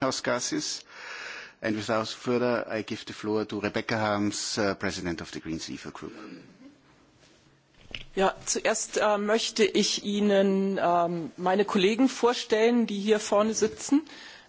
greenhouse gases. And without further, I give the floor to Rebecca Harms, uh, President of the Greens EFA Group. Ja, zuerst äh, möchte ich Ihnen ähm, meine Kollegen vorstellen, die hier vorne sitzen. Äh,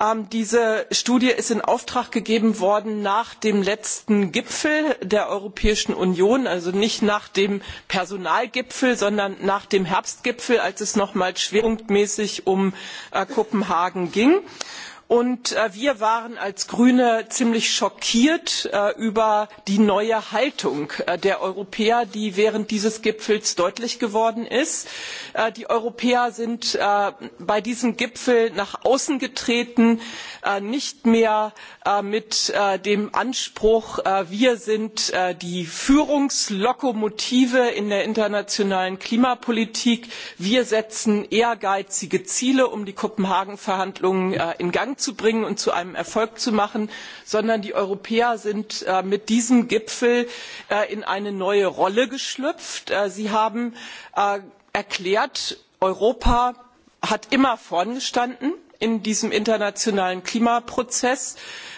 Ähm, diese Studie ist in Auftrag gegeben worden nach dem letzten Gipfel der Europäischen Union, also nicht nach dem Personalgipfel, sondern nach dem Herbstgipfel, als es nochmal schwerpunktmäßig um äh, Kopenhagen ging und äh, wir waren als grüne ziemlich schockiert äh, über die neue haltung äh, der europäer die während dieses gipfels deutlich geworden ist. Äh, die europäer sind äh, bei diesem gipfel nach außen getreten äh, nicht mehr mit dem anspruch wir sind die führungslokomotive in der internationalen klimapolitik wir setzen ehrgeizige ziele um die kopenhagen verhandlungen in gang gang zu bringen und zu einem erfolg zu machen sondern die europäer sind äh, mit diesem gipfel äh, in eine neue rolle geschlüpft. Äh, sie haben äh, erklärt europa hat immer vorn gestanden in diesem internationalen klimaprozess.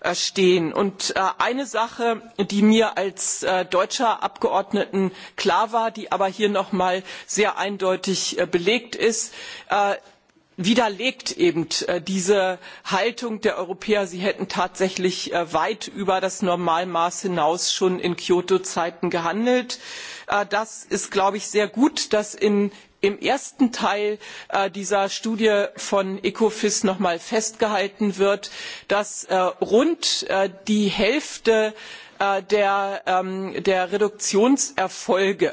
Äh, stehen. Und äh, eine sache die mir als äh, deutscher abgeordneten klar war die aber hier noch mal sehr eindeutig belegt ist widerlegt eben diese haltung der europäer sie hätten tatsächlich weit über das normalmaß hinaus schon in kyoto zeiten gehandelt. das ist sehr gut dass in im ersten teil äh, dieser studie von ecofin noch einmal festgehalten wird dass äh, rund äh, die hälfte ähm, der reduktionserfolge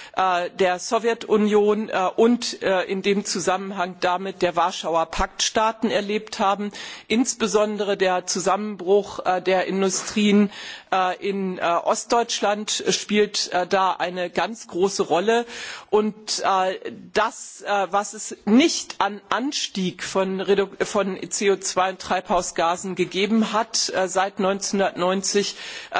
Äh, der sowjetunion äh, und äh, in dem zusammenhang damit der warschauer pakt staaten erlebt haben insbesondere der zusammenbruch der industrien in ostdeutschland spielt da eine ganz große rolle. und das was es nicht an anstieg von co zwei und treibhausgasen gegeben hat seit eintausendneunhundertneunzig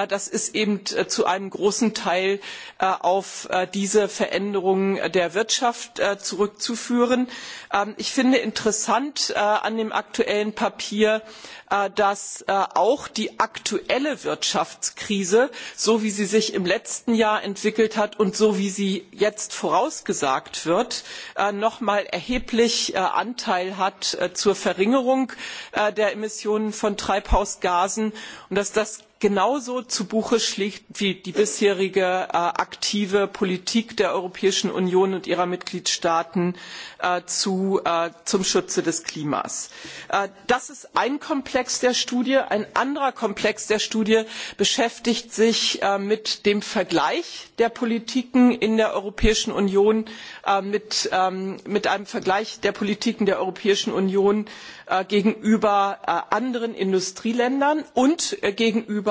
das ist eben zu einem großen teil auf diese veränderungen der wirtschaft äh, zurückzuführen. Ähm, ich finde interessant äh, an dem aktuellen papier äh, dass auch die aktuelle wirtschaftskrise so wie sie sich im letzten jahr entwickelt hat und so wie sie jetzt vorausgesagt wird noch einmal erheblich anteil hat zur verringerung der emissionen von treibhausgasen und dass das genauso zu buche schlägt wie die bisherige äh, aktive politik der europäischen union und ihrer mitgliedstaaten äh, zu, äh, zum schutze des klimas. Äh, das ist ein komplex der studie. ein anderer komplex der studie beschäftigt sich äh, mit dem vergleich der politiken in der europäischen union äh, mit, ähm, mit einem vergleich der politiken der europäischen union gegenüber anderen industrieländern und gegenüber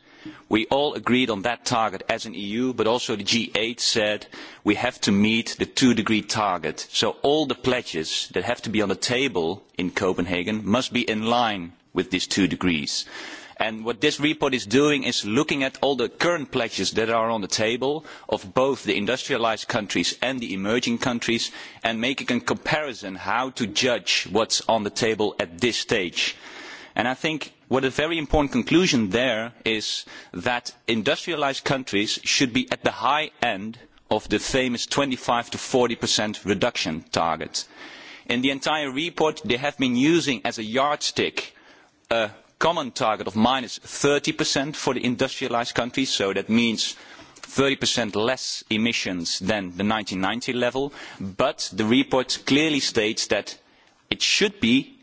We all agreed on that target as an EU, but also the G8 said we have to meet the two-degree target. So all the pledges that have to be on the table in Copenhagen must be in line with these two degrees. And what this report is doing is looking at all the current pledges that are on the table of both the industrialized countries and the emerging countries and making a comparison how to judge what's on the table at this stage. Uh, And I think what a very important conclusion there is that industrialized countries should be at the high end of the famous 25 to 40% reduction target. In the entire report, they have been using as a yardstick a common target of minus 30% for the industrialized countries, so that means 30% less emissions than the 1990 level, but the report clearly states that it should be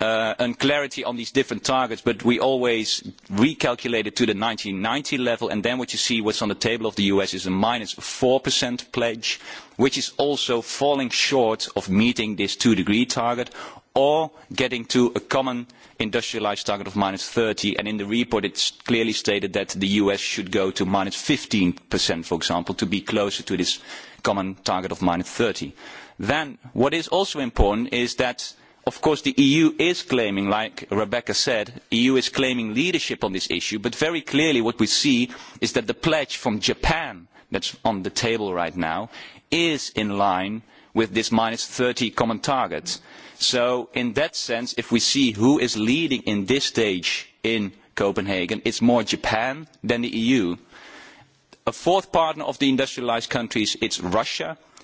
uh, and clarity on these different targets, but we always recalculated to the 1990 level, and then what you see what's on the table of the US is a minus 4% pledge, which is also falling short of meeting this 2-degree target, or getting to a common industrialized target of minus 30, and in the report it's clearly stated that the US should go to minus 15%, for example, to be closer to this common target of minus 30. Then, what is also important is that of course the eu is claiming like rebecca said the eu is claiming leadership on this issue but very clearly what we see is that the pledge from japan that's on the table right now is in line with this minus 30 common target so in that sense if we see who is leading in this stage in copenhagen it's more japan than the eu a fourth partner of the industrialized countries it's russia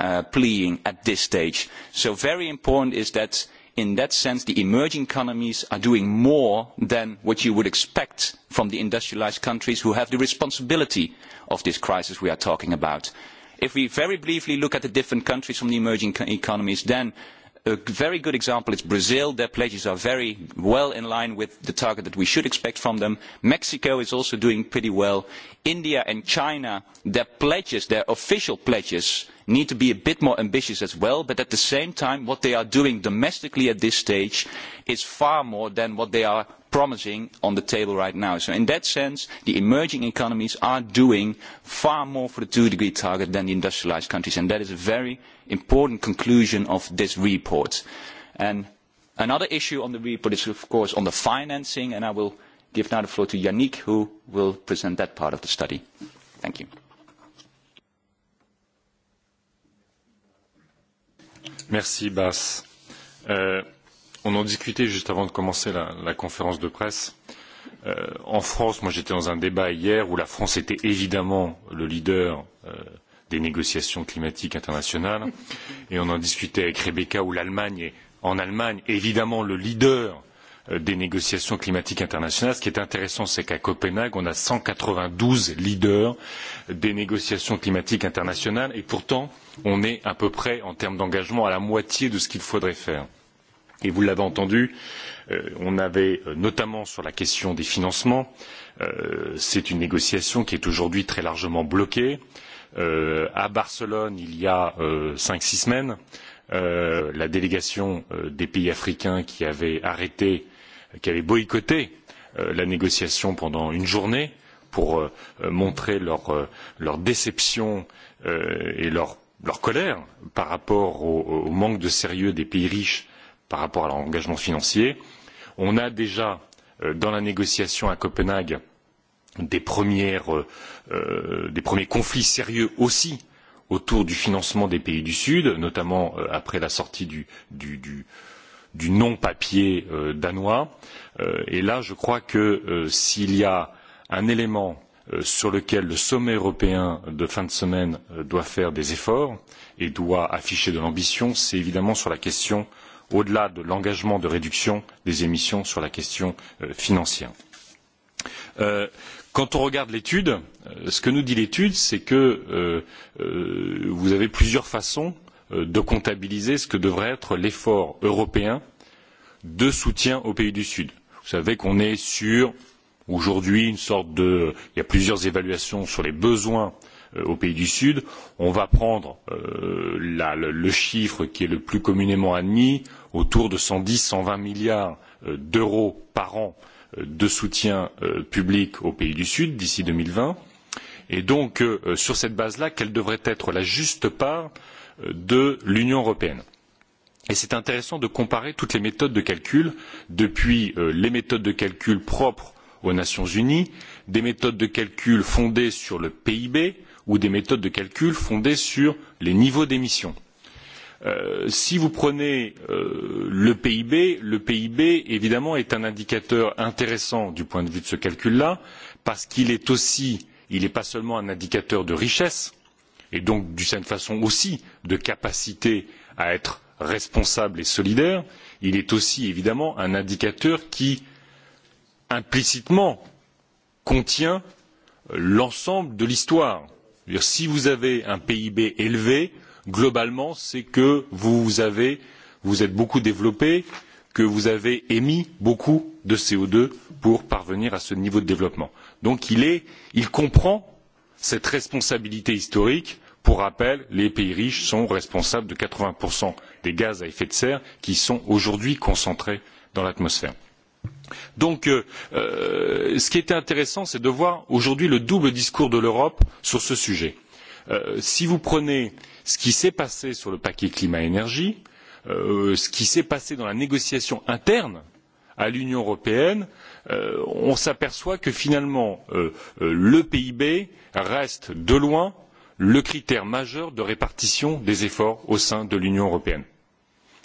uh, pleading at this stage. So very important is that in that sense the emerging economies are doing more than what you would expect from the industrialized countries who have the responsibility of this crisis we are talking about. If we very briefly look at the different countries from the emerging economies, then a very good example is Brazil. Their pledges are very well in line with the target that we should expect from them. Mexico is also doing pretty well. India and China, their pledges, their official pledges, need to be a bit more ambitious as well. But at the same time, what they are doing domestically at this stage is far more than what they are promising on the table right now. So in that sense, the emerging economies are doing far more for the two-degree target than the industrialized countries, and that is a very important conclusion of this report. And another issue on the report is, of course, on the financing, and I will give now the floor to Yannick, who will present that part of the study. Thank you. Merci, Bas. Euh, On en discutait juste avant de commencer la, la conférence de presse. Euh, en France, moi j'étais dans un débat hier où la France était évidemment le leader euh, des négociations climatiques internationales. Et on en discutait avec Rebecca où l'Allemagne est, en Allemagne, évidemment le leader euh, des négociations climatiques internationales. Ce qui est intéressant, c'est qu'à Copenhague, on a 192 leaders des négociations climatiques internationales. Et pourtant, on est à peu près, en termes d'engagement, à la moitié de ce qu'il faudrait faire. Et vous l'avez entendu, euh, on avait euh, notamment sur la question des financements, euh, c'est une négociation qui est aujourd'hui très largement bloquée. Euh, à Barcelone, il y a euh, cinq six semaines, euh, la délégation euh, des pays africains qui avait arrêté, qui avait boycotté euh, la négociation pendant une journée pour euh, montrer leur, euh, leur déception euh, et leur, leur colère par rapport au, au manque de sérieux des pays riches par rapport à leur engagement financier. On a déjà, euh, dans la négociation à Copenhague, des, premières, euh, euh, des premiers conflits sérieux aussi autour du financement des pays du Sud, notamment euh, après la sortie du, du, du, du non-papier euh, danois. Euh, et là, je crois que euh, s'il y a un élément euh, sur lequel le sommet européen de fin de semaine euh, doit faire des efforts et doit afficher de l'ambition, c'est évidemment sur la question euh, au delà de l'engagement de réduction des émissions sur la question euh, financière. Euh, quand on regarde l'étude, euh, ce que nous dit l'étude, c'est que euh, euh, vous avez plusieurs façons euh, de comptabiliser ce que devrait être l'effort européen de soutien aux pays du Sud. Vous savez qu'on est sur aujourd'hui une sorte de il y a plusieurs évaluations sur les besoins euh, Euh, aux pays du Sud. On va prendre euh, la, le, le chiffre qui est le plus communément admis, autour de 110-120 milliards euh, d'euros par an euh, de soutien euh, public aux pays du Sud d'ici 2020. Et donc, euh, sur cette base-là, quelle devrait être la juste part euh, de l'Union européenne Et c'est intéressant de comparer toutes les méthodes de calcul, depuis euh, les méthodes de calcul propres aux Nations Unies, des méthodes de calcul fondées sur le PIB, ou des méthodes de calcul fondées sur les niveaux d'émissions. Euh, si vous prenez euh, le PIB, le PIB évidemment est un indicateur intéressant du point de vue de ce calcul-là, parce qu'il est aussi, il n'est pas seulement un indicateur de richesse, et donc d'une certaine façon aussi de capacité à être responsable et solidaire, il est aussi évidemment un indicateur qui implicitement contient l'ensemble de l'histoire si vous avez un pib élevé globalement c'est que vous, avez, vous êtes beaucoup développé que vous avez émis beaucoup de co deux pour parvenir à ce niveau de développement. donc il, est, il comprend cette responsabilité historique pour rappel les pays riches sont responsables de quatre vingts des gaz à effet de serre qui sont aujourd'hui concentrés dans l'atmosphère donc euh, euh, ce qui était intéressant c'est de voir aujourd'hui le double discours de l'europe sur ce sujet. Euh, si vous prenez ce qui s'est passé sur le paquet climat énergie euh, ce qui s'est passé dans la négociation interne à l'union européenne euh, on s'aperçoit que finalement euh, le pib reste de loin le critère majeur de répartition des efforts au sein de l'union européenne.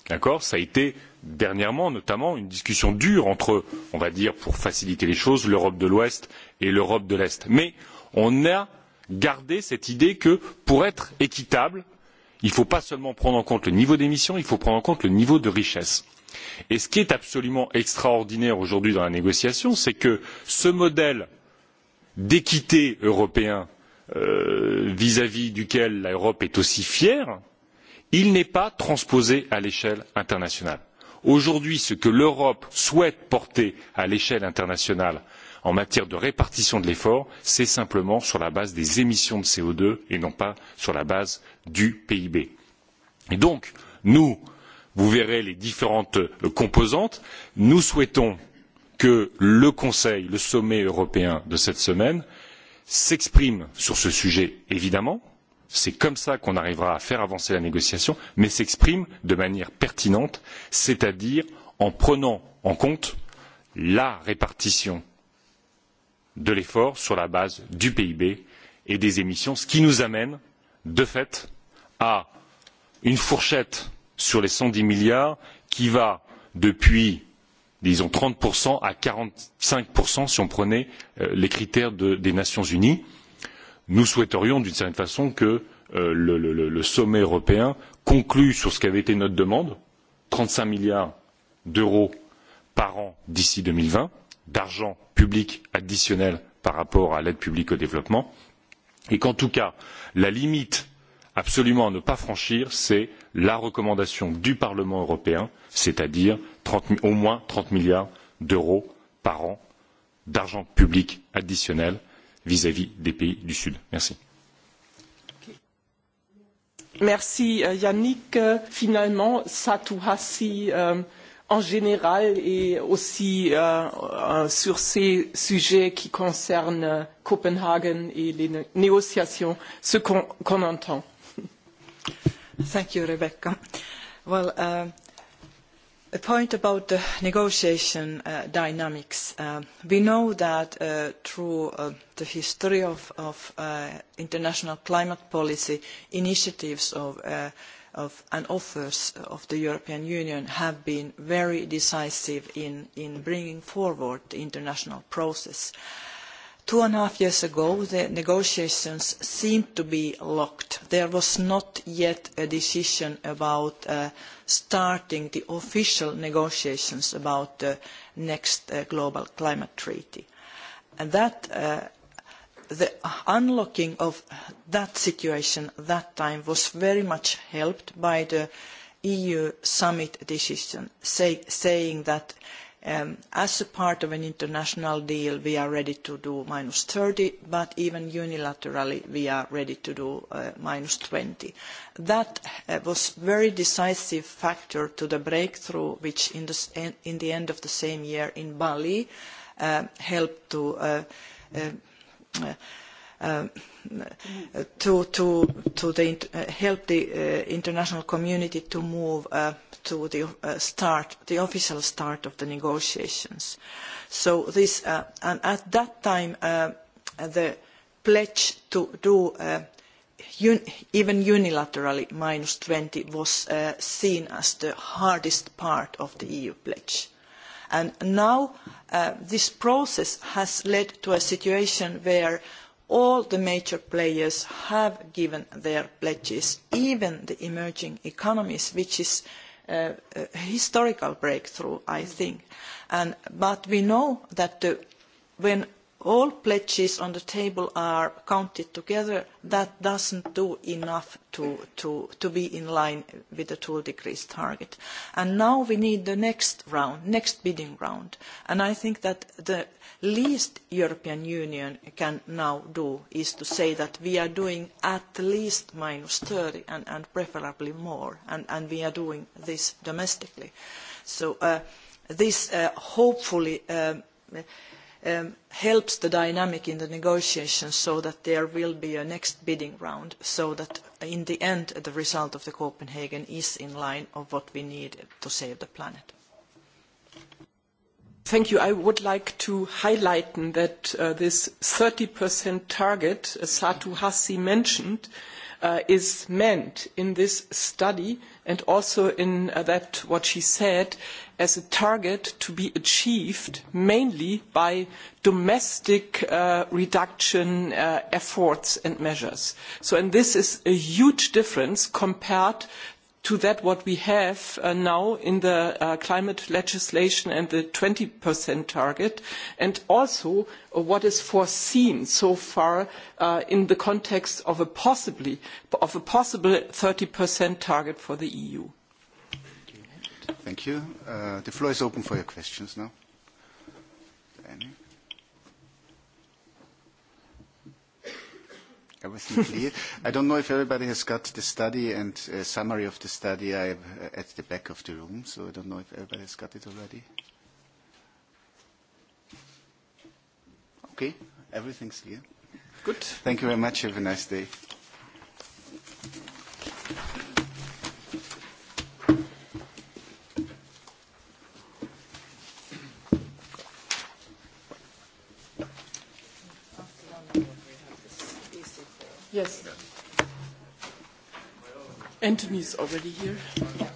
cela a été dernièrement notamment une discussion dure entre on va dire pour faciliter les choses l'europe de l'ouest et l'europe de l'est mais on a gardé cette idée que pour être équitable il ne faut pas seulement prendre en compte le niveau d'émissions il faut prendre en compte le niveau de richesse. et ce qui est absolument extraordinaire aujourd'hui dans la négociation c'est que ce modèle d'équité européen euh, vis à vis duquel l'europe est aussi fière il n'est pas transposé à l'échelle internationale aujourd'hui ce que l'europe souhaite porter à l'échelle internationale en matière de répartition de l'effort c'est simplement sur la base des émissions de co deux et non pas sur la base du pib. et donc nous vous verrez les différentes euh, composantes nous souhaitons que le conseil le sommet européen de cette semaine s'exprime sur ce sujet évidemment c'est comme ça qu'on arrivera à faire avancer la négociation, mais s'exprime de manière pertinente, c'est-à-dire en prenant en compte la répartition de l'effort sur la base du PIB et des émissions, ce qui nous amène, de fait, à une fourchette sur les 110 milliards qui va depuis, disons, 30% à 45% si on prenait euh, les critères de, des Nations Unies. Euh, nous souhaiterions d'une certaine façon que euh, le, le, le sommet européen conclue sur ce qu'avait été notre demande trente cinq milliards d'euros par an d'ici deux mille vingt d'argent public additionnel par rapport à l'aide publique au développement et qu'en tout cas la limite absolument à ne pas franchir c'est la recommandation du parlement européen c'est à dire 30, au moins trente milliards d'euros par an d'argent public additionnel vis-à-vis -vis des pays du Sud. Merci. Merci euh, Yannick. Euh, finalement, Satou Hassi, euh, en général et aussi euh, euh, sur ces sujets qui concernent Copenhague et les négociations, ce qu'on qu entend. Thank you, Rebecca. Well, uh, A point about the negotiation uh, dynamics. Uh, we know that uh, through uh, the history of, of uh, international climate policy, initiatives of, uh, of and offers of the European Union have been very decisive in, in bringing forward the international process. Uh, Two and a half years ago, the negotiations seemed to be locked. There was not yet a decision about uh, starting the official negotiations about the next uh, global climate treaty. And that, uh, the unlocking of that situation that time was very much helped by the EU summit decision say, saying that Um, as a part of an international deal, we are ready to do minus 30, but even unilaterally, we are ready to do uh, minus 20. That uh, was very decisive factor to the breakthrough, which in the, in the end of the same year in Bali uh, helped to uh, uh, uh, um, to, to, to the, uh, help the uh, international community to move uh, to the uh, start, the official start of the negotiations. So this, uh, and at that time, uh, the pledge to do uh, un even unilaterally minus 20 was uh, seen as the hardest part of the EU pledge. And now uh, this process has led to a situation where uh, all the major players have given their pledges, even the emerging economies, which is uh, a historical breakthrough, I think. And, but we know that the, uh, when all pledges on the table are counted together, that doesn't do enough to, to, to be in line with the 2 degrees target. And now we need the next round, next bidding round. And I think that the least European Union can now do is to say that we are doing at least minus 30 and, and preferably more, and, and we are doing this domestically. So uh, this uh, hopefully um, uh, um, helps the dynamic in the negotiations so that there will be a next bidding round so that in the end the result of the Copenhagen is in line of what we need to save the planet. Thank you. I would like to highlight that uh, this 30% target uh, Satu Hassi mentioned uh, is meant in this study and also in uh, that what she said as a target to be achieved mainly by domestic uh, reduction uh, efforts and measures. So, and this is a huge difference compared to that what we have uh, now in the uh, climate legislation and the 20% target, and also uh, what is foreseen so far uh, in the context of a possibly of a possible 30% target for the EU. Thank you. Uh, the floor is open for your questions now. Any? Everything clear? I don't know if everybody has got the study and a uh, summary of the study I have uh, at the back of the room, so I don't know if everybody has got it already. Okay, everything's clear. Good. Thank you very much. Have a nice day. Yes. Anthony is already here. Yeah.